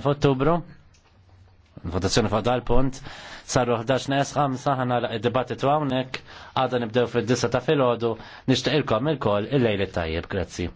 f'Ottubru. Votazzjoni fa' dal-punt. Sarru 11 nes 5 ħana id-dibattitu hawnhekk għadha nibdew fid-disa ta' filgħodu nixtieq ilkom il-kol il lejli tajjeb. Grazzi.